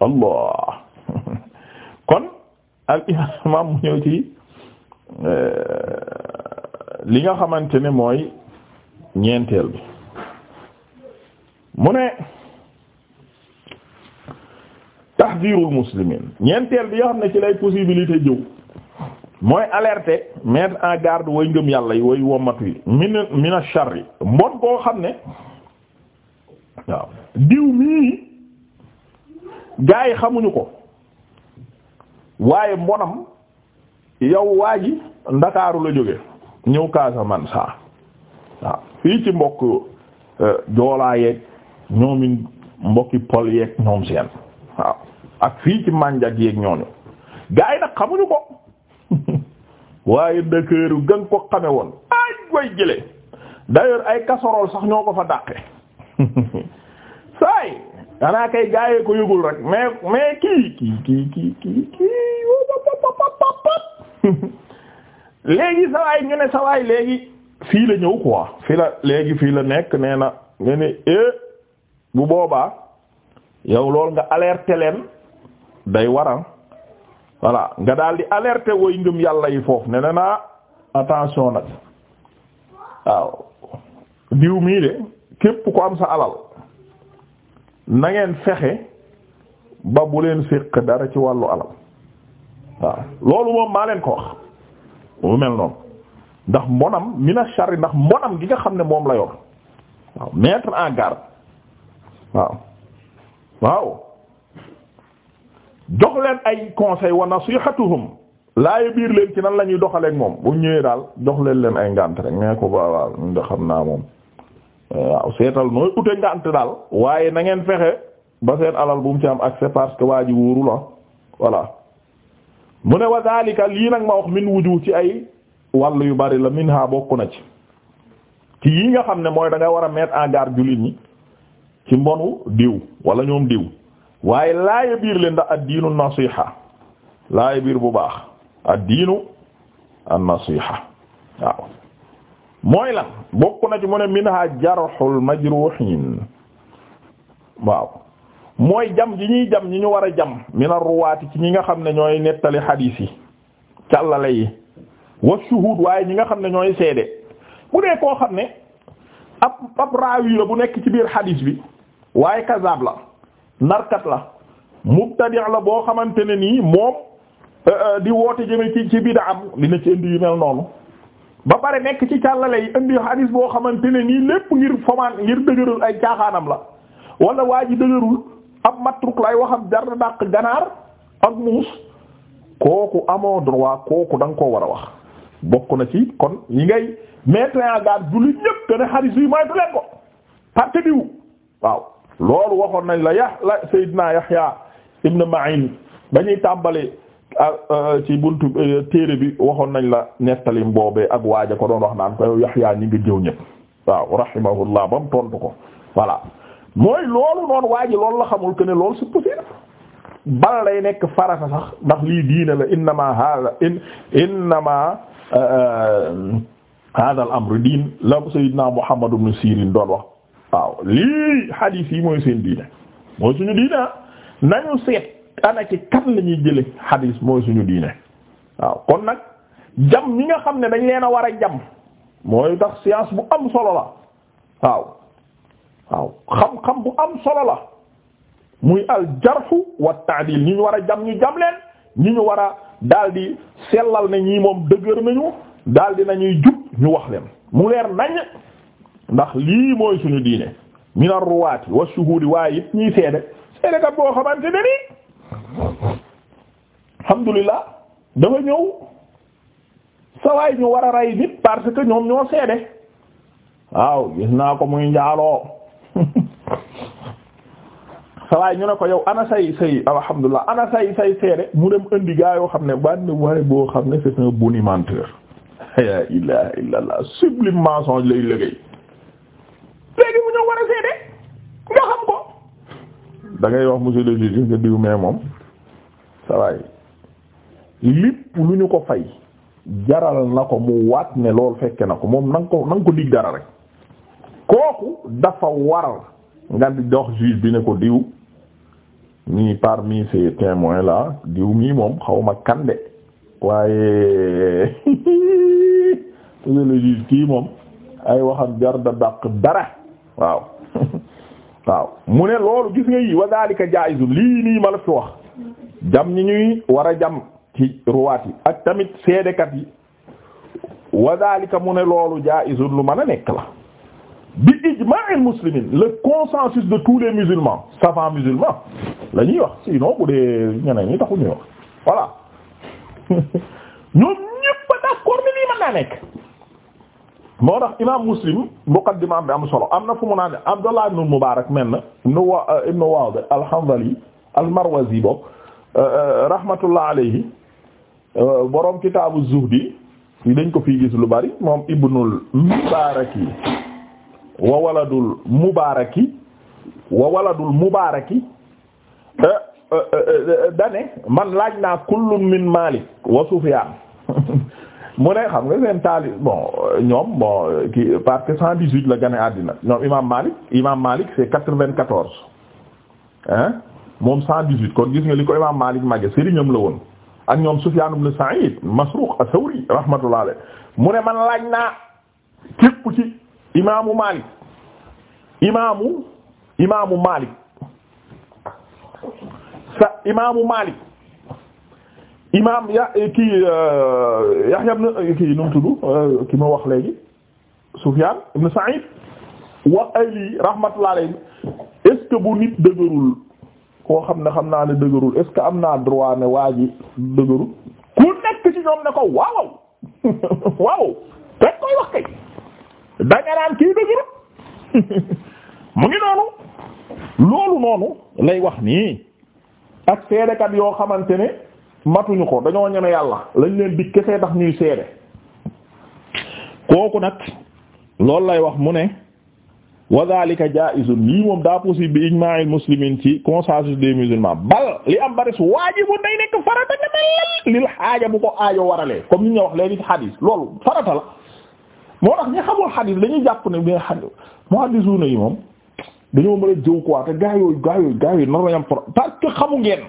allah kon al imam mu ñëw ci euh, li nga xamante ne mooy ñeenteel bi mu ne tahdirul muslimin ñeenteel bi yoo xam ne ci lay possibilité jëw mooy alerte mettre en garde way ngëm yàlla yi way wommatu yi min min ash-sharri mbon koo xam ne waaw diw mii gaa yi xamuñu ko waaye mbonam yow waa ji ndakaaru la jóge ñëw Casamance saa waaw fii ci mbokk euh, joolaa yeeg ñoomi mbokki pol yeeg ñoom seen waaw ak fii ci mànjak yeeg ñooñu gaa nag xamuñu ko waaye ndakaaru gën ko xame woon ay koy jële d'ailleurs ay casserole sax ñoo ko fa dàqe saay danaa kay gaayee ko yëgul rek mais mais kii kii kii kii kii léegi sawaay ñu ne sawaay léegi fii la ñëw quoi fii la léegi fii la nekk nee na nga ne eh, bu boobaa yow lool nga alerter leen day waral voilà nga daal di alerter woy ngëm yàlla yi foofu ne na naa attention nag waaw diw mii de képp ku am sa alal na ngeen fexe ba bu leen séq dara ci wàllu alal waaw loolu moom maa leen ko wax bu mel noonu ndax mbonam mina sharri ndax mbonam gi nga xam ne moom la yor waaw mettre en garde waaw waaw jox leen ay conseil wa nasihatuhum laaye biir leen ci nan la ñuy doxaleeg moom bu ñëwee daal jox leen leen ay ngànt rek nee ko ba waaw ñu xam naa moom waaw seetal nooy ute ngànt daal waaye nangeen ngeen fexe ba seen alal bu mu ci am accès parce que waa ji la voilà mu ne wa zalika lii nag ma wax min wuju ci ay wàll yu bari la minha bokk na ci ci yi nga xam ne mooy da nga war a mettre en garde jullit ci mbonu diw wala ñoom diw waaye laaya biir leen ndax ad-diinu nasiha laaya biir bu baax ad-diinu an-nasiha waaw mooy la bokk na ci mu ne minha jarxul majruhin waaw mooy jam ji ñuy jam ñi ñu war a jam min ruwaati ci ñi nga xam ne ñooy nettali xadiis yi càllale yi wa shuhuud waaye ñi nga xam ne ñooy seede bu dee koo xam ne ab ab raawi la bu nekk ci biir xadiis bi waaye kazaab la narkat la mubtadi' la boo xamante ne nii moom euh, euh, di woote jëme ci ci bid'a am li dina ci indi yu mel noonu ba pare nekk ci càllale yi indi hadis boo xamante ne nii lépp ngir fomaan ngir dëgërul ay caaxaanam la wala waa ji dëgërul ab matruk ay waxam jar na dàq ganaar ak muus kooku amoo droit kooku da nga ko war a wax bokk na ci kon yi ngay mettre a garde jullit ñépp te ne hadis yi moytu leen ko parte diw waaw loolu waxoon nañ la ya la Seydina Yahya ibn Ma'in dañuy tàmbali Euh, ci bunt euh, téere bi waxoon nañ la nettalim boobee ak waaja ko doon wax naan ko Yaxya ñi nga jëw ñëpp waaw rahimahullah ba mu tontu ko voilà mooy loolu noonu waaji loolu la xamul que ne loolu c'est possible lay nekk farata sax ndax lii diina la innama hada in innama euh, hada al amru diin la sayyidina Muhammad ibn Sirin doon wax waaw lii hadith yi mooy seen diine mooy suñu diina nañu seet anaki ci lañuy la ñuy xadiis mooy suñu diine waaw kon nag jam ñi nga xam ne dañ leen a war a jam mooy tax science bu am solo la waaw waaw xam-xam bu am solo la muy al jarxu wa taadil ñi ñu war a jam ñu jam leen ñi ñu war a daal di sellal ne ñii moom dëgër nañu daldi nañuy jub ñu wax leen mu leer nañ ndax lii mooy suñu diine min ar ruwaati wa shuhudi waaye it ñuy seede seede kat boo xamante ne nii alhamdulillah dafa ñëw sawaay ñu war a rey nit parce que ñoom ñoo seede waaw gis naa ko muy njaaloo sawaay ñu ne ko yow ana say say alhamdulillah ana say say seede mu dem indi yoo xam ne bànn waaye boo xam ne c'est un bonimenteur yaa ilaha illallah sublime mensonge lay liggéey léegi mu ñëw war a seede nga xam ko dangay ngay mu monsieur le juge nga diw mais moom sa waay lépp lu ñu ko fay jaral na ko mu waat ne lool fekke na ko moom na nga ko na ko dig dara rek kooku dafa waral nga di dox juge bi ne ko diw mii parmi ces témoins la diw mii moom xaw ma kande waaye monsieur le juge kii moom ay waxam jar da dàq dara waaw waaw mu ne loolu gis nga yi wa dalika jaizu lii nii ma la fi wax jam ñi ñuy war a jam ci ruwaat yi ak tamit seedekat yi wa dalika mu ne loolu jaizu lu man a nekk la bi ijma'il muslimin le consensus de tous les musulmans savants musulmans la ñuy wax sinon bu dee ñeneen ñi taxu ñuy wax voilà ñoom ñëpp d'accord ni lii mën naa nekk moo tax imaam muslim muqaddima bi am solo am na fu mu naan Abdullah ibn Mubarak mel na ibn Wa'd eh, al-Hanzali al-Marwazi bokk eh, eh, rahmatullah alayhi borom kitaabu zuhdi yi dañ ko fi gis lu bari moom ibnul mubaaraki wa waladul mubaaraki wa waladul mubaaraki dane man laaj naa kullun min Maalik wa Sufyaan mu ne xam nga seen taali bon ñoom bon ki parce que cent la gane àddina ñoom imam Malik imam Malik c'est quatre-vingt-quatorze hein moom cent dix-huit gis nga li ko imam Malik magge sëriñam la woon ak ñoom Sufyan ibn Sa'id Masruq as-Sawri rahmatullah alayh mu ne man laaj naa képp ci imaamu Malik imaamu imaamu Malik sa imaamu Malik imaam ya eh, kii eh, Yahya ibn eh, kii mu wax léegi Sufyan ibn Sa'id wax ay lii rahmatullah alayhi bu nit dëgërul koo xam ne xam naa ne dëgërul est-ce que am naa droit ne waa ji dëgërul ku nekk ci ñoom ne ko waaw waaw rek koy wax kay danga naan dëgërul mu ngi noonu loolu noonu lay wax nii ak seedekat yoo xamante ne matuñu ko dañoo ñeme yàlla lañ leen di kese tax ñuy seede kooku nag loolu lay wax mu ne wa dhalika jaa'izun lii moom daa possible bi ijma'il muslimin ci consensus des musulmans bal li am baris waajibun day nekk farata nga lil xaaja bu ko aajo waralee comme ni ñu wax léegi ci xadiis loolu farata la moo tax ñi xamul xadiis dañuy jàpp ne mais xadiis muhaddisuuna yi moom dañoo mën a jëw quoi te gaa yooyu gaa yooyu gaa yooyu parce que xamu ngeen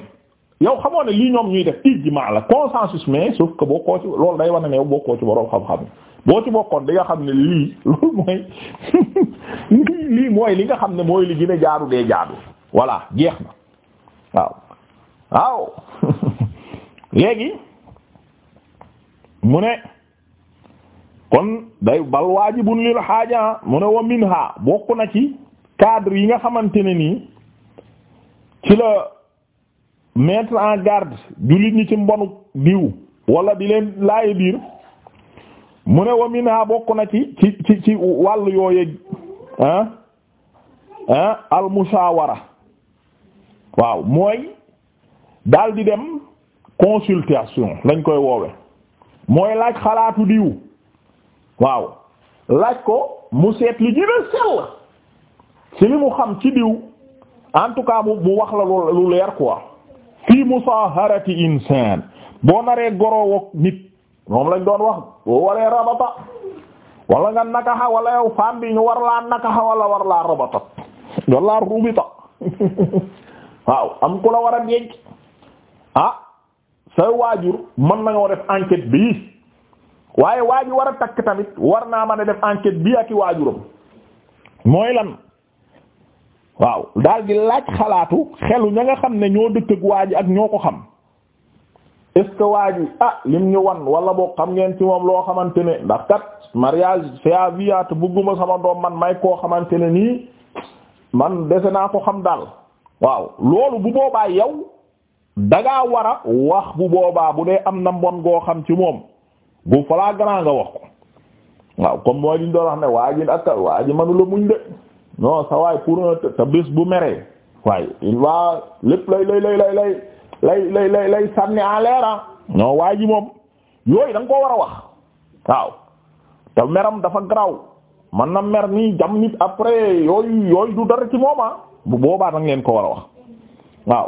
yow xamoo ne lii ñoom ñuy def ijmaa la consensus mais sauf que boo koo lool loolu day war ne yow bokkoo ci boroom xam-xam boo ci bokkoon di nga xam ne lii loolu mooy lii mooy li nga xam ne mooy li gën a jaadu dee jaadu voilà jeex na waaw léegi mu ne kon day bal waajibun lil xaaja mu ne wa minha bokk na ci cadre yi nga xamante ne nii ci la mettre en garde jullit ñi ci mbonu diw wala di leen laaye biir mu ne wa minha bokk na ci ci ci ci wàll yooye ah ah al mushawara waaw mooy daal di dem consultation lañ koy woowe mooy laaj xalaatu diw waaw laaj ko mu seet li gën a sell ci li mu xam ci diw en tout cas mu wax la lu leer quoi fi musaharati insaan boo naree goroo ak nit moom lañ doon wax boo waree rabata wala nga nakaxa wala yow femme bi ñu war laa nakaxa wala war laa rabata war laa rubita waaw am ku la war a denc ah waajur mën nañoo def anket bii waaye waajur war a takk war naa mën a def enquête bii ak i waajuram mooy waaw daal di laaj xalaatu xelu ña nga xam ne ñoo dëkk ak waa ji ak ñoo ko xam est que waa ji ah lim ñu wan wala boo xam ngeen ci moom loo xamante ne ndax kat mariage c'est à ah, bugguma sama doom man may koo xamante ne nii man dese naa ko xam daal waaw loolu bu boobaa yow daga war a wax bu boobaa bu dee am na mbon goo xam ci moom bu flagrant nga wax ko waaw comme mooy doon wax ne waa ji waa ji mënu la muñ de. non sa waay pour te bés bu meree waaye il va lépp lay lay lay lay sànni en l'air ah ji moom yooyu da nga koo war a wax waaw te meram dafa graw man na mer nii jam nit après yooyu yooyu du dara ci mooma ah. bu boobaa da nga leen ko war a wax waaw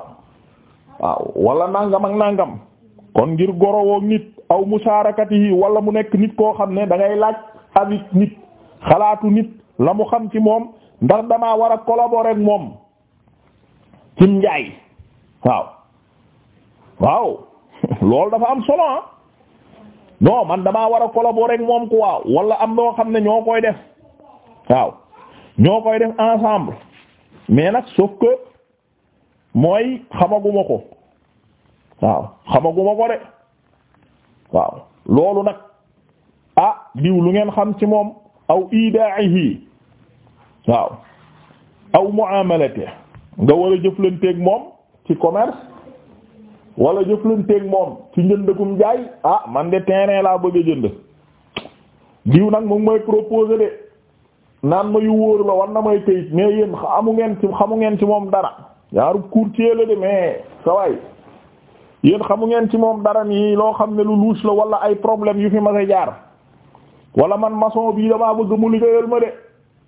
waaw wala nangam ak nangam kon ngir gorowoo nit aw musaarakatihi wala mu nekk nit koo xam ne dangay laaj avis nit xalaatu nit la mu xam ci moom ndax damaa war a collaborer ak moom ci njaay waaw waaw loolu dafa am solo ah non man damaa war a collaborer ak moom quoi wala am noo xam ne ñoo koy def waaw ñoo koy def ensemble mais nag sauf mooy xamaguma ko waaw xamaguma ko de waaw loolu nag a ah, diw lu ngeen xam ci moom aw idaahi waaw aw muamalate nga war a jëflanteeg moom ci commerce wala jëflanteeg moom ci njëndagum jaay ah man de terrain laa bëgg a jënd diw nag moom mooy proposer de naan ma yu wóor la war na may kayit mais yéen xamu ngeen ci xamu ngeen ci moom dara yaaru courtier la de mais sa waay xamu ngeen ci moom dara nii loo xam ne lu louche la wala ay problème yu fi ma sa jaar wala man maçon bii damaa bëgg mu liggéeyal ma de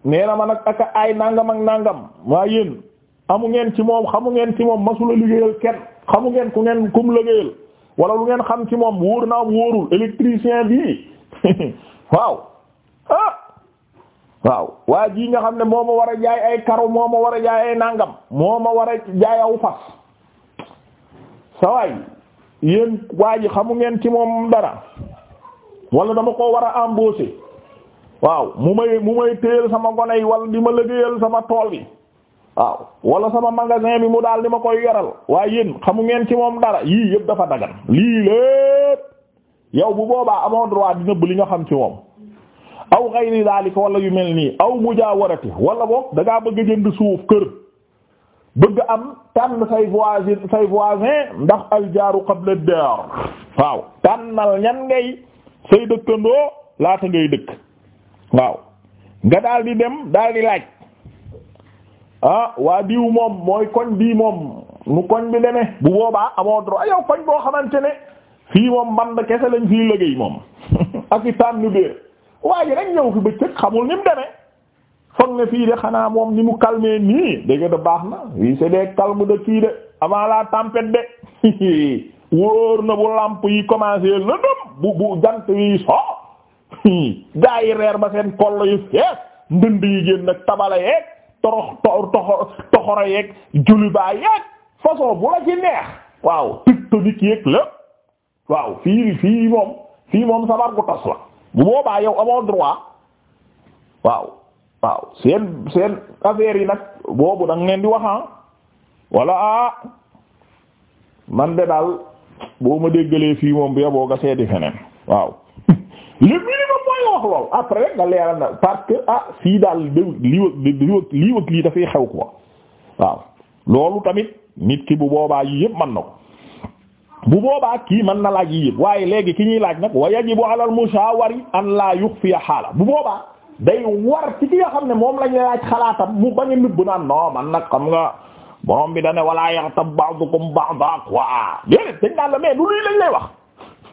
nee na ma nag aka ay nangam ak nangam waa yéen amu ngeen ci moom xamu ngeen ci moom masula liggéeyal kenn xamu ngeen ku ngeen kum liggéeyal wala lu ngeen xam ci moom wóor na am wóorul électricien bi waaw ah waaw waa ji nga xam ne moo ma war a jaay ay karo moo ma war a jaay ay nangam moo ma war a jaay aw fas sawaay yéen waa ji xamu ngeen ci moom dara wala dama ko war a embaucher waaw mu may mu may téyel sama gone yi wala di ma liggéeyal sama tool bi waaw wala sama magasin bi mu daal di ma koy yoral waaye yéen xamu ngeen ci moom dara yii yëpp dafa dagan lii lépp yow bu boobaa amoon droit di nëbb li nga xam ci moom aw gayri daalika wala yu mel nii aw mujaawarati wala boog da ngaa bëgg a jënd suuf kër bëgg am tànn say voisin say voisin ndax al jaaru qabla daar waaw tànnal ñan ngay say dëkkandoo laata ngay dëkk waaw nga daal di dem daal di laaj ah waa diw moom mooy koñ bii moom nu koñ bi demee bu boobaa amoo droit ah, yow koñ boo xamante ne fii moom mband kese lañ fii liggéey moom ak i tànn biir waa ji rek ñëw fi bëccëg xamul ni mu demee foog ne fii de xanaa moom ni mu calmer nii dégg da baax na fii c'est des calmes kii de avant la tempête de wóor na bu lamp yi commencé na dëm bu bu jant yi so Hmm. gaa yi reer ba seen kollo yi fees ndënd yi génn nag tabala yeeg torox toxo toxoro yeeg julibaa yeeg façon bu la ci neex waaw tectonique yeeg lépp waaw fii fii moom fii moom sabar gu tas la bu boobaa yow amoo droit waaw waaw seen seen affaire yi nag boobu da nga di waxaan ah. wala ah man de daal boo ma déggalee fii moom bu yaboo nga seeti feneen waaw a minimum mooy wax lool après nga leeral na parce que ah daal lii dafay xew quoi loolu tamit nit ki bu boobaa yi yëpp mën na bu boobaa kii man na laaj yi waaye léegi ki ñuy laaj nag wa yajibu ala al mushawari an la yukhfiya xaala bu booba day war ci ki nga xam ne moom lañu laaj xalaatam mu bañ a nëbb naan non man nag xam nga borom bi dane walaa yaghtab ba'dukum ba'da quoi déedéet dañ daan la mais du luy lañ lay wax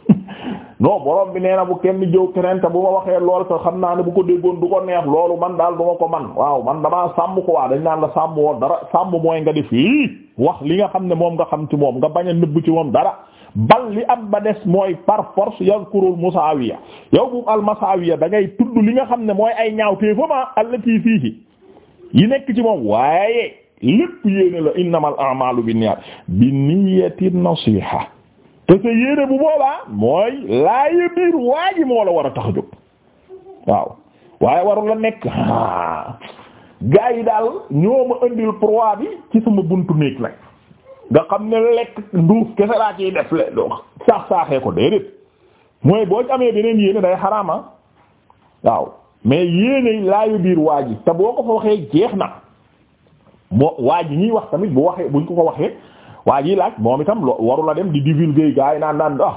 non borom bi nee na bu kenn jëw keneen te bu ma waxee lool te xam naa ne bu ko déggoon du ko neex loolu man daal du ko man waaw man damaa sàmm ko waa dañ daan la sàmm woon dara sàmm mooy nga def lii wax li nga xam ne moom nga xam ci moom nga bañ a nëbb ci moom dara bal li am ba des mooy par force yazkurul musaawiya yow bu al musaawiya da ngay tudd li nga xam ne mooy ay ñaaw téefama allati fiihi yi nekk ci moom waaye lépp yéene la innamal a'malu binniyat bi niyyati nasiha te sa yéene bu boobaa mooy laayi biir waa ji moo la war a tax jóg waaw waaye waru la nekk ah. gaa yi daal ñoo ma indil proie bi ci sama buntu néeg nag nga xam ne lekk nduuf kese laa ciy def le saax saaxee ko déedéet mooy boo ci amee beneen yéene day xaraama ah. waaw mais yéene laayu biir waa ji te boo ko fa waxee jeex na moo waa ji ñuy wax tamit bu waxee buñ ko ko waxee waa jii laaj moom itam waru la dem di divulguer gars yi naan naan ah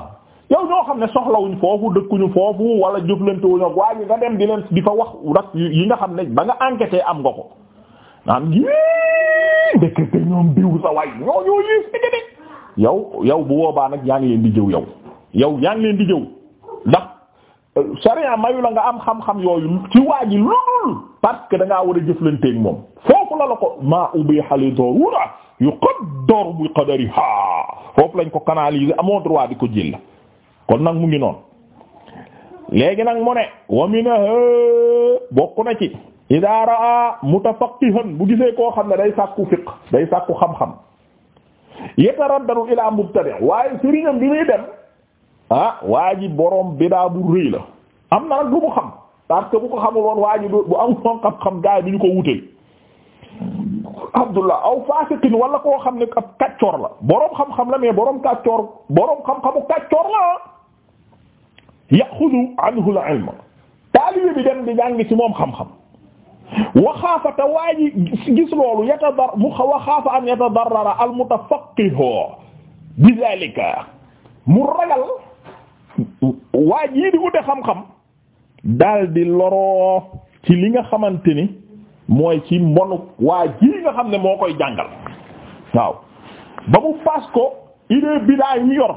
yow ñoo xam ne soxlawuñ foofu dëkkuñu foofu wala jëflantewuñu ak waa ji nga di di fa wax rak yi nga xam ne ba nga enquêté am nga ko naan yow yow bu boobaa nag yaa ngi leen di jëw yow yow yaa ngi leen di jëw ndax euh, sharia mayu la nga am xam yooyu ci waa ji lool parce que moom foofu la la ko maa ubbi xale doorura yuqaddar bi qadariha foofu lañ ko canaliser amoo droit di ko jël kon nag mu ngi noonu léegi nag mu ne wa mina bokk na ci idaa raa mutafaqihan bu gisee koo xam ne day sàkku fiq day sàkku xam-xam yataraddadu ilaa mubtadi waaye sëriñam bi muy dem ah waa ji boroom bidaa bu rëy la am na nag lu mu xam parce que bu ko xamul woon waa bu amul woon xam-xam gaay bi ñu ko wutal abdullah aw fasiqin wala koo xam ne ab la boroom xam-xam la mais boroom kàccoor boroom xam-xamu kàccoor la yaxudu anhu la ilma taalibe bi dem di jàng ci moom xam-xam waxaafa te waa ji gis loolu yatadar mu waxaafa an yatadarrara al mutafaqqihu bi zalika mu ragal waa ji di ute xam-xam daal di loroo ci li nga xamante ni mooy ci mbonu waa ji nga xam ne moo koy jàngal waaw ba mu paas ko idée bidaay mu yor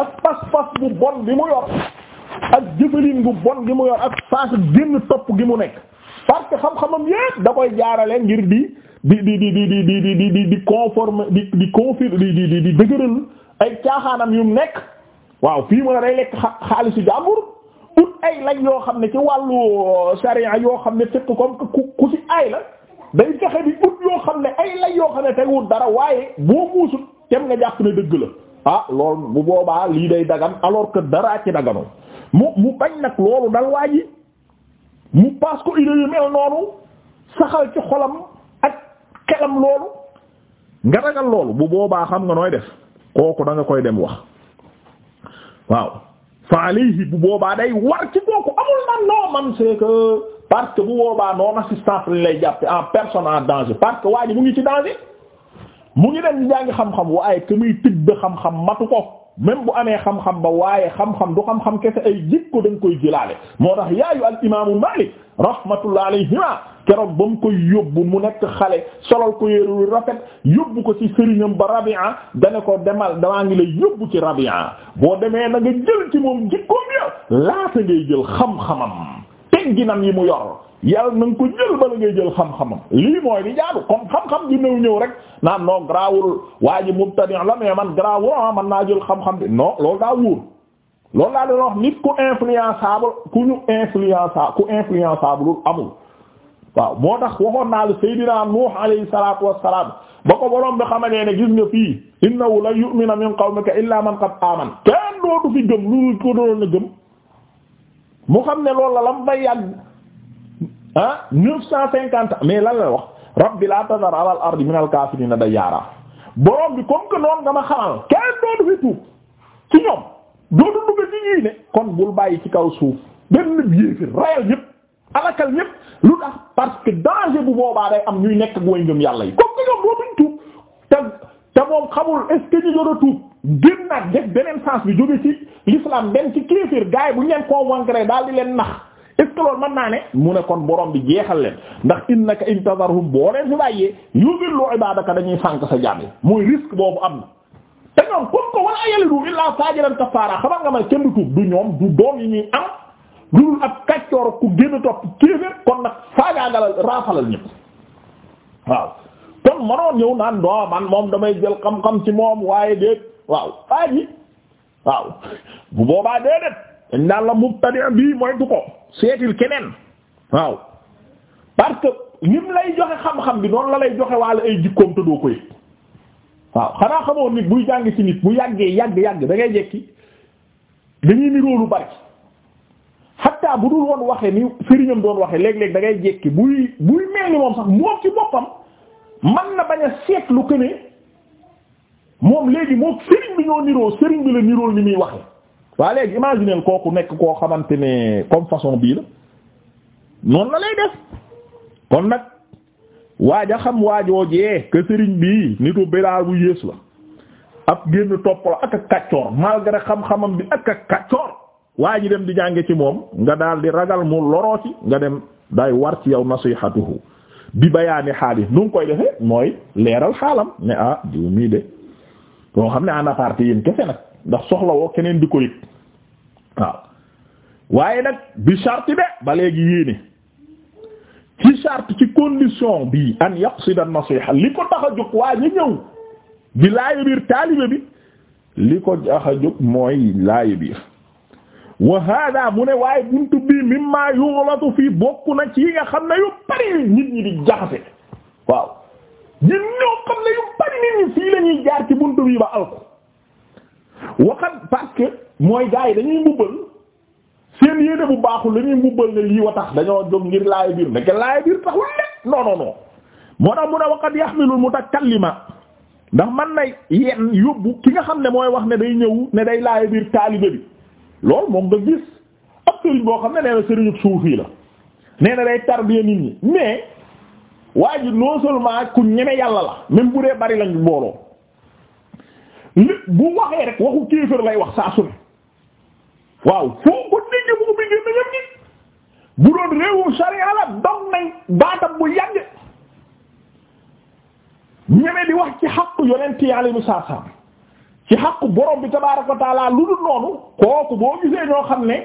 ak pas-pas bu bon bi mu yor ak jëfalin bu bon gi mu yor ak paas génn topp gi mu nekk parce que xam-xamam yépp da koy jaarale ngir di di di di di di di di di di conforme ay caaxaanam yu nekk waaw fii mën a day lekk xaalisu jàmbur ut ay lañ yoo xam ne ci wàllu euh, sharia yoo xam ne fekk comme ku ku ci ay la day fexe bi ut yoo xam ne ay lañ yoo xam ne teguwul dara waaye boo muusut tem nga jàpp ne dëgg la ah loolu bu boobaa lii day dagan alors kër daraa ci daganoo mu mu bañ nag loolu dal waa ji mu paas ko idée mel noonu saxal ci xolam ak xelam loolu nga ragal loolu bu boobaa xam nga nooy def kooku danga koy dem wax waaw fa alayhi bu boobaa day war ci kooku amul man non man c'est que parce que bu boobaa non assistance lay jàppe en personne en danger parce que waa ji mu ngi ci danger mu ngi dem di jàngi xam-xam waaye que muy tibb xam-xam matu ko même bu amee xam-xam ba waaye xam-xam du xam-xam kese ay jikko dañ koy jëlaale moo tax yaayu al imaamu Maalik rahmatullah alayhima keroog ba mu koy yóbbu mu nekk xale solol ko yéerulu rafet yóbbu ko ci sëriñam ba Rabi'a dana ko demal damaa ngi lay yóbbu ci Rabi'a boo demee na jël ci moom jikkoom ya laata ngay jël xam-xamam tegginam yi mu yor yàlla na nga ko jël bala ngay jël xam-xamam lii mooy di jaadu xam-xam di ñëw ñëw rek naan noo garaawul waa ji mubtadi la mais man garaawul ah man naa jël xam-xam noo non loolu daa loolu laa doon wax nit ku influençable ku ñu influençable moo tax waxoon naa la Seydina Nuux alayhi salaatu wassalaam ba ko borom bi xamanee ne gis nga fii innahu la yu'mina min qawmika illa man qad aamana kenn dootu fi gëm lu ko doon a gëm mu xam ne loolu la lam bay yàgg ah neuf cent cinquante mais lan la wax rabbi laa tadar ala min al kaafiriina dayyaaraa borom bi comme que xamal kenn dootu fi tuub ci ñoom dootu dugg ci ñii ne kon bul bàyyi ci kaw suuf benn yéefir rayal ñëpp alakal ñëpp lu tax parce que danger bu boobaa day am ñuy nekk ak way ngëm yàlla yi comme que ñoom dootuñ tuub te te moom xamul est ce jot a tuub gën nag def beneen sens bi jóge ci l'islam dem ci kéefir gaay bu ñu leen convaincre daal di leen nax est ce mën naa ne mu ne kon borom bi jeexal leen ndax innaka intadarhum boo leen fi bàyyee yudillu ibadaka dañuy sànk sa jàmm mooy risque boobu am na te ñoom comme ko walaa yalidu illaa faajiran kafaara xamal nga may kenn du tuub du ñoom du doom yi ñuy am lu dul ab kaccoor ku génn topp kéeféer kon nag faagaagalal raafalal ñëpp waaw kon manoon ñëw naan doo moom damay jël xam-xam ci moom waaye déet waaw waaji waaw bu boobaa déedéet dañ naan la mubtadi bii mooy du ko seetil keneen waaw parce que nim lay joxe xam-xam bi noonu la lay joxe waale ay jikkoom te doo ko waaw xanaa xamoon nit buy jàng ci nit bu yàggee yàgg yàgg dangay ngay jekki dañuy niroo lu bari xatta bu dul woon waxe ni sëriñam doon waxe léeg-léeg da ngay jekki buy buy mel ni moom sax moom ci boppam man na bañ a seetlu que ne moom léegi moo sëriñ bi ñoo niroo sëriñ bi la nirool ni muy waxe waa léegi imaginer kooku nekk koo xamante ne comme façon bii la noonu la lay def kon nag waaja xam waajoojee que sëriñ bi nitu bilaal bu yées la ab génn topp la ak a kaccoor malgré xam-xamam bi ak a kaccoor waa ji dem di jànge ci moom nga daal di ragal mu loroo ci nga dem day war ci yow nasihatuhu bi bayaani xaalis nu ngi koy defee mooy leeral xaalam ne ah diw mii de boo xam ne en aparté yéen kese nag ndax soxla woo keneen di ko yëg waaw waaye nag bi charte de ba léegi yéene charte ci condition bi an yaqsida nasiha li ko tax a jóg waa ñëw di laaya biir taalibe bi li ko tax jóg mooy laaya biir wa hada mu ne waay buntu bii mimma yughlatu fii bokk na ci yi nga xam ne yu bari nit ñi di jaxase waaw ñun ñoo xam ne yu bari nit ñi fii la jaar ci buntu bii ba alko waxat parce que mooy gars dañuy mbubbal seen yéene bu baaxul la ñuy mbubbal ne lii wa tax dañoo jóg ngir laay biir nekk laay biir taxul ne non non non moo tax mu ne waqad yaxmilu ndax man na yenn yóbbu ki nga xam ne mooy wax ne day ñëw ne day laay biir taalibe bi loolu moom nga gis ab sëriñ boo xam ne nee na sëriñu suufi la nee na day tarbiya nit ñi mais waa ji non ku ñeme yàlla la même bu dee bari lañ booloo bu waxee rek waxu kéefër lay wax saa su waaw foo ko déggee mu ngi génn yëpp nit bu doon réewu sariya la dog nañ baatam bu yàgg ñeme di wax ci xaqu yonent yàlla mu saasaam ci xaqu borom bi tabaaraka wa taala lu dul noonu kooku boo gisee ñoo xam ne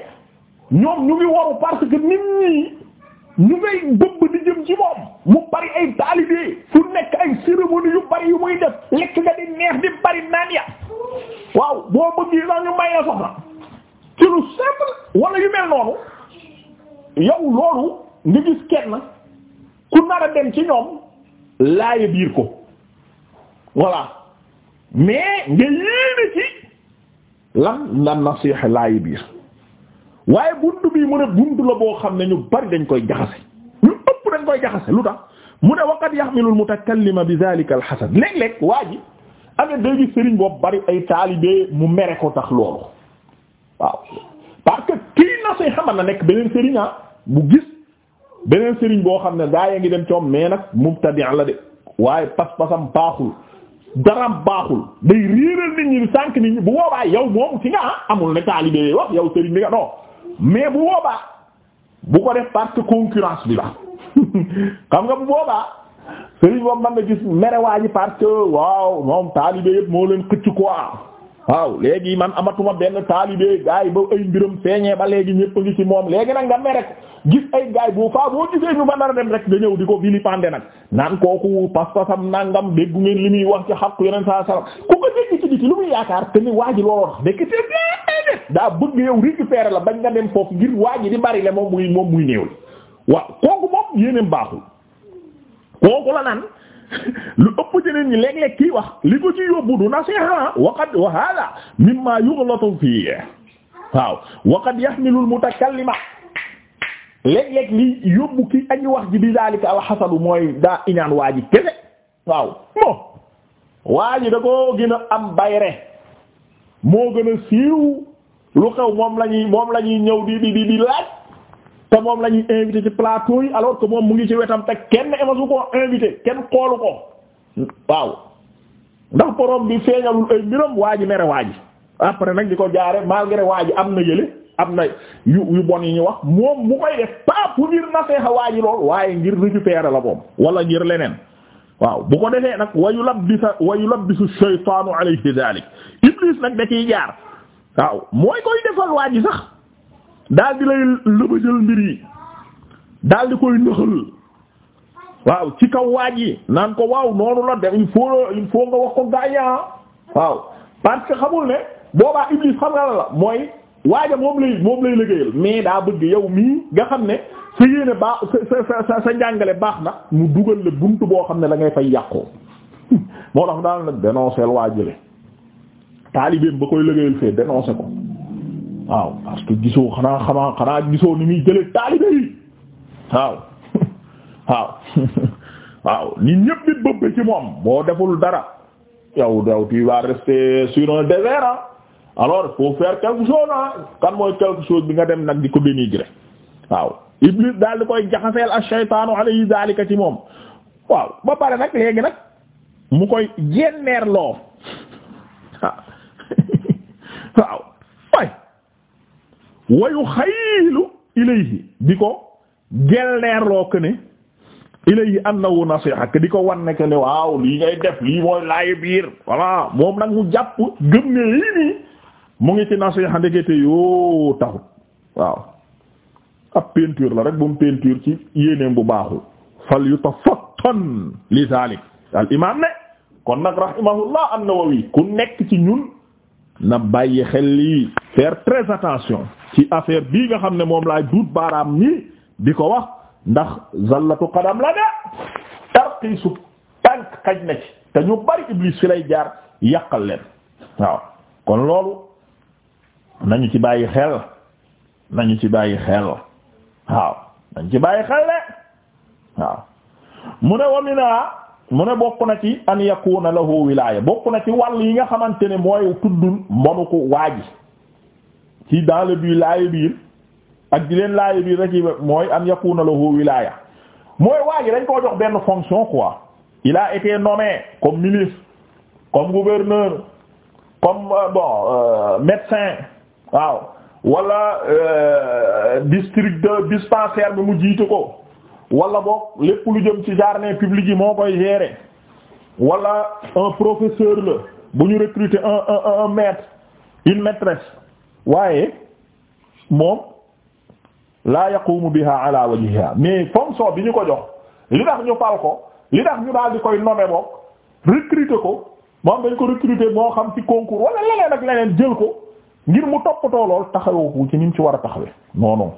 ñoom ñu ngi waru parce que nit ñi ñu ngay bëbb di jëm ci moom mu bari ay taalibe fu nekk ay cérémonie yu bari yu muy def lekk nga di neex di bari naan ya waaw boo bëggee sax ñu may la soxna ci lu simple wala yu mel noonu yow loolu nga gis kenn ku nar a dem ci ñoom laaya biir ko voilà mais nga yéene ci lan lan nasiha laaya biir waaye buntu bii mu ne buntu la boo xam ne ñu bari dañ koy jaxase ñu ëpp dañ koy jaxase lu tax mu ne waqad yaxmilu almutakallima bi dhalika alxasan léeg-léeg waa ji amee day gis sëriñ boobu bari ay taalibe mu mere ko tax loolu waaw parce que kii nasiha man na nekk beneen sëriñ ah, bu gis beneen sëriñ boo xam ne gaa yaa ngi dem coom mais nag mubtadi' la de waaye pas-pasam baaxul daram baaxul day réeral nit ñi sànq nit ñi bu boobaa yow moom ci nga ah, amul ne taalibe wax yow sëriñ bi nga non mais bu boobaa bu ko def parce que concurrence bi la xam nga bu boobaa sëriñ boobu man nga gis mere waa ji parce que waaw moom taalibe yëpp moo leen xëcc quoi. waaw léegi man amatuma benn taalibe gaay ba ay mbiram feeñee ba léegi ñëpp ngi ci moom léegi nag nga mere rek gis ay gaay bu faa boo gisee ñu fa dem rek nga ñëw di ko vilipender nag naan kooku pas-pasam nangam déggu ngeen li muy wax ci xaqu yeneen saa salaam ku ko dégg ci biti lu muy yaakaar te ni waa ji looloo wax dëkk te daa bëgg yow récupérer la bañ nga dem foofu ngir waa ji di bari le moom muy moom muy néew waaw kooku moom yéeneen lu ëpp ñeneen ñi léeg-léeg kii wax li ko ci yóbbu du nasiha waqad wa hada mimma yughlatu fii waaw waqad yahmilu al mutakallima léeg-léeg li yóbbu ki añu wax ji bi daalika alxasadu mooy daa iñaan waa ji kese waaw mo waa ji da ko gën am bayre moo gën siiw lu xew moom lañuy moom lañuy ñëw di di di di laaj te moom la ñuy invité ci plateau yi alors que moom mu ngi ci wetam te kenn émasu ko invité kenn xoolu ko waaw ndax borom bi feeñalul ay mbiram waa ji mere waa ji après nag di ko jaare malgré waa ji am na yële am na yu yu bon yi ñu wax moom bu koy def pas ngir naseexa waa lool waaye ngir récupérer la moom wala ngir leneen waaw bu ko defee nag wa yulabbisa wa yulabbisu shaytaanu alayhi dalik iblis nag da ciy jaar waaw mooy koy defal waa ji sax daal di lay lëbëjal mbir yi daal di koy nëxal waaw ci kaw waaj yi naan ko waaw noonu la def il faut il faut nga wax ko gaañaa ah waaw parce que xamul ne boobaa Iblis xam nga la la mooy waaja moom lay moom lay liggéeyal mais daa bëgg yow mii nga xam ne sa yéene baax sa sa sa sa njàngale baax na mu dugal la bunt boo xam ne dangay ngay fay yàqoo moo tax daal nag dénoncer waajale taalibeem ba koy liggéeyal fee dénoncer ko. waaw parce que gisoo xanaa xamaa xanaa gisoo ni muy jële taalibe yi waaw waaw waaw ni ñépp di bëgg ci moom boo deful dara yow yow tu vas rester sur un désert alors faut faire quelque chose ah kan mooy quelque chose bi nga dem nag di ko dénigrer waaw Iblis daal di koy jaxaseel ash-shaytaanu alayhi zalika ci moom waaw ba pare nag léegi nag mu koy jenneer loo waaw wayu xayilu ilayhi di ko gelleerloo que ne ilayhi annahu nasiha di ko wan ne ni ne waaw lii ngay def lii mooy laay biir voilà moom nag mu jàpp gëm ne yii nii mu ngi ci nasiha ndekete yoo taxut waaw ab peinture la rek bu mu peinture ci yéeneem bu baaxul fal yutafattan li zalik al imam ne kon nag rahimahullah an-Nawawi ku nekk ci ñun na bàyyi xel lii faire très attention ci affaire bii nga xam ne moom laay duut baaraam nii di ko wax ndax zallatu qadam la tànk xaj na ci te ñu bari iblis fi lay jaar yàqal leen waaw kon loolu nañu ci bàyyi xel nañu ci bàyyi xel waaw nañu ci bàyyi xel de waaw mu ne wamina mu ne bokk na ci an yakuna lahu wilaaya bokk na ci wàll yi nga xamante ne mooy tuddul mbonu waaji ci dans le but laayi biir ak di leen laayi biir rek mooy an yakuna lahu wilaya mooy waa ji dañ koo jox benn fonction quoi il a été nommé comme ministre comme gouverneur comme euh, bon euh, médecin waaw wala euh, district de dispensaire mu jiite ko wala boog lépp lu jëm ci jardin public yi moo koy gérer wala un professeur la bu ñu recruter un un un maître une maîtresse waaye moom laa yaqumu biha ala wajhiha mais fonction bi ñu ko jox li tax ñu fal ko li tax ñu daal di koy nommer moom recruter ko moom dañ ko recruter moo xam ci concours wala leneen ak leneen jël ko ngir mu toppatoo lool taxawoo ko ci ni ci war a taxawee non non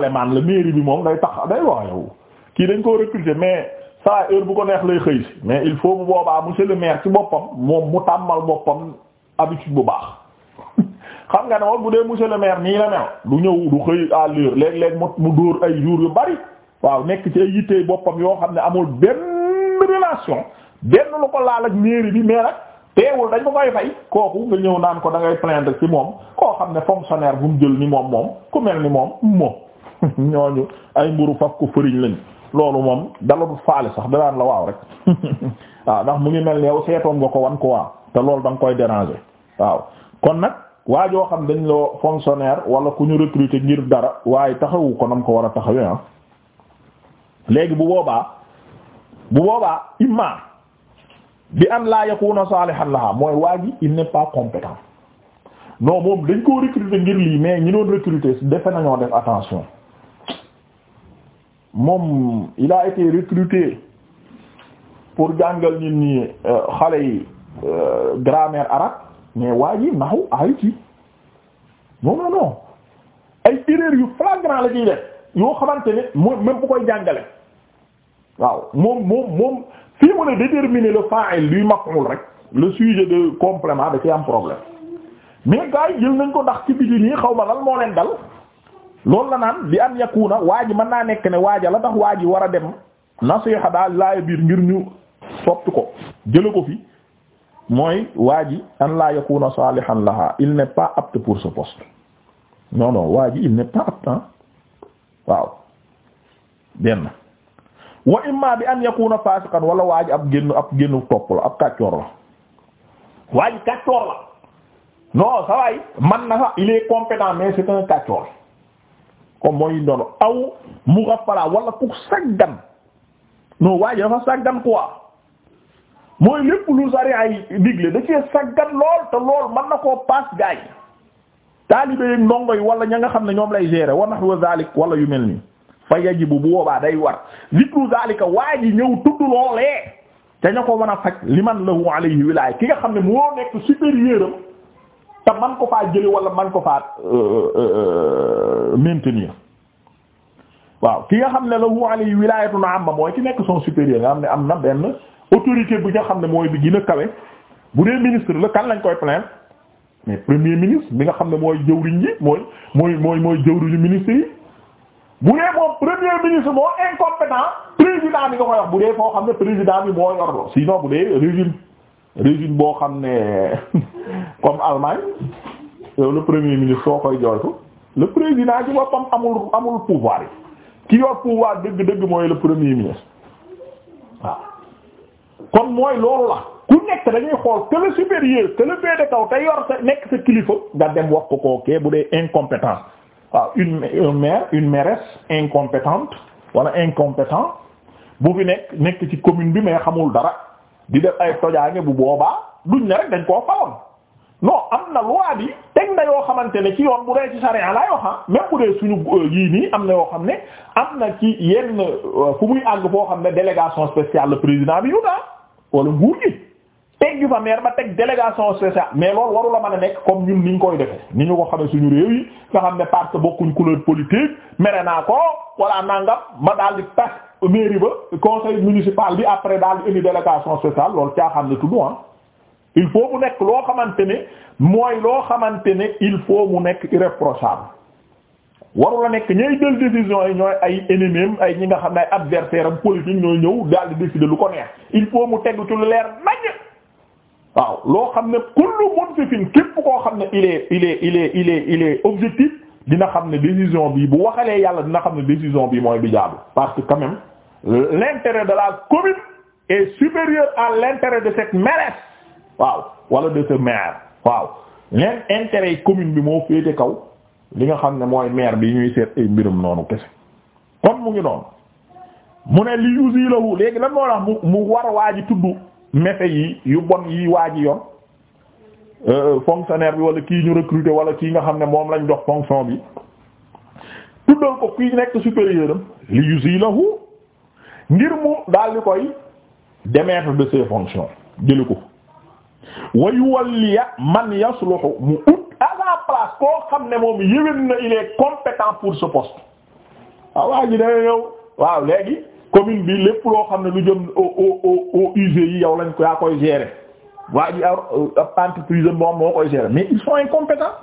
la mairie bi moom day tax day wax yow kii dañ koo recruter mais saa heure bu ko neex lay xëy si mais il faut bu boobaa monsieur le maire ci boppam moom mu tàmmal boppam habitude bu baax. xam nga ne woon bu dee monsieur le maire nii la mel du ñëw du xëy à l'heure léeg-léeg mu dóor ay jours yu bari waaw nekk ci ay yittey boppam yoo xam ne amul benn relation benn lu ko laal ak mairie bi mais nag teewul dañ ko koy kooku nga ñëw naan ko da ngay plaindre ci moom xam ne fonctionnaire bu jël ni moom moom ku mel moom moom ñooñu ay mburu faf ko fëriñ lañ loolu moom dala du faale sax danaan la waaw rek waaw ndax mu ngi mel ni yow seetoon nga ko wan ko waaw te loolu danga koy déranger waaw kon nag waa joo xam dañ loo fonctionnaire wala ku ñu recruter ngir dara waaye taxawu ko nam ko war a taxawee ah léegi bu boobaa bu boobaa imma bi an laa yakuna salihan laha mooy waa ji il n'est pas compétent non moom dañ koo recruter ngir lii mais ñi doon si defe nañoo def attention moom il été recruté pour jàngal nit ñi euh, xale yi euh, grammaire arabe mais waa ji naxu aayu ci non non non ay erreur yu flagrant la ciy def yoo xamante ne moom même bu koy jàngale waaw moom moom moom fii mu ne déterminer le fa'il luy maf'ul rek le sujet de complément da ci am problème mais gars yi jël nañ ko ndax ci biti nii xaw ma lan moo leen dal loolu la naan bi am yakuna waa ji mën naa nekk ne waaja la tax waa ji war a dem nasiha daal laaya biir ngir ñu soppi ko jële ko fi mooy waa ji an la yakuna salihan laha il n'est pas apte pour ce poste non non il n'est pas apte hein waaw benn wa imma bi an yakuna fasiqan wala waa ji ab génn ab génn topp la ab kàccoor la waa kàccoor la non ça waay man na sax il est compétent mais c'est un kàccoor comme mooy doon aw mughafala wala ku saggan non waa ji dafa saggan quoi mooy lépp lu sariya yi digle da cee saggat lool te lool mën na koo paas gaay taalibe yi ndongo yi wala ña nga xam ne ñoom lay gérer wa nahwa zalik wala yu mel nii fa yajibu bu boobaa day war zikru zalika waa ji ñëw tudd loolee te ña ko mën a faj liman lahu alayhi wilaaya ki nga xam ne moo nekk supérieur am te man ko faa jële wala man ko faa euh, euh, euh, maintenir waaw ki nga xam ne lahu alayhi wilaayatun amma mooy ki nekk son supérieur nga xam ne am na benn autorité bi nga xam ne mooy bi gën kawe bu dee ministre la kan lañ koy plaindre mais premier ministre bi nga xam ne mooy jëwriñ ji mooy mooy mooy mooy jëwriñu ministre yi bu dee moom premier ministre moo incompétent président bi nga koy wax bu dee foo xam ne président bi moo yor sinon bu dee régime régime boo xam ne comme Allemagne yow le premier ministre soo koy jooytu le président ci boppam amul amul pouvoir yi ki yor pouvoir dëgg-dëgg mooy kon mooy loolu la ku nekk dañuy xool que le supérieur que le féete kaw te yor sa nekk sa kilifa nga dem wax ko koo kee bu dee incompétent waaw ah, une un maire une mairesse incompétente wala incompétent bu fi nekk nekk ci commune bi mais xamul dara di def ay tojaange bu boobaa duñ ne rek dañ koo fawoon non am na loi bi teg na yoo xamante ne ci yoon bu dee ci sariya laay wax ah même bu dee suñu euh, yii am na yoo xam ne am na ci yen euh, fu muy àgg foo xam ne délégation spéciale le président bi yu naa ah, wala nguur gi teggi fa maire ba teg délégation spéciale mais loolu waru la man a nekk comme ñun niñ koy defee ni ñu ko xamee suñu réew yi xam ne parce que bokkuñ couleur politique mere naa ko wala nangam ma daal di tas mairie ba conseil municipal bi après daal di indi délégation spéciale loolu caa xam ne il faut mu nekk loo xamante ne mooy loo xamante ne il faut mu nekk irréprochable waru la nekk ñooy jël décision yi ñooy ay ennemis ay ñi nga xam ne ay adversaire am politique ñooy ñëw daal di décider lu ko neex il faut mu tegu ci lu leer nañ waaw loo xam ne kullu munsifin képp koo xam ne il est il est il est il est il est objectif dina xam ne décision bi bu waxalee yàlla dina xam ne décision bi mooy bi jaadu parce que quand même de la commune est supérieur à l'intérêt de cette mairesse waaw wala de sa maire waaw leen intérêt yi commune bi moo féete kaw li nga xam ne mooy maire bi ñuy seet ay mbirum noonu kese kon mu ngi noonu mu ne li usi lahu léegi lan moo tax mu mu war waa ji tudd yi yu bon yi waa ji yoon euh, fonctionnaire bi wala kii ñu recruter wala kii nga xam ne moom lañ dox fonction bi tuddal ko kii nekk supérieur am li usi lahu ngir mu daal di koy démettre de ses fonctions jëli ko wa yuwalliya man yasluhu mu ut à la place koo xam ne moom yéwén na il est compétent pour ce poste waaw waa ji dana ñëw waaw léegi commune bi lépp loo xam ne lu jëm au au au UG yi yow lañ ko yaa koy gérer waa ji ab entreprise moom moo koy gérer mais ils sont incompétents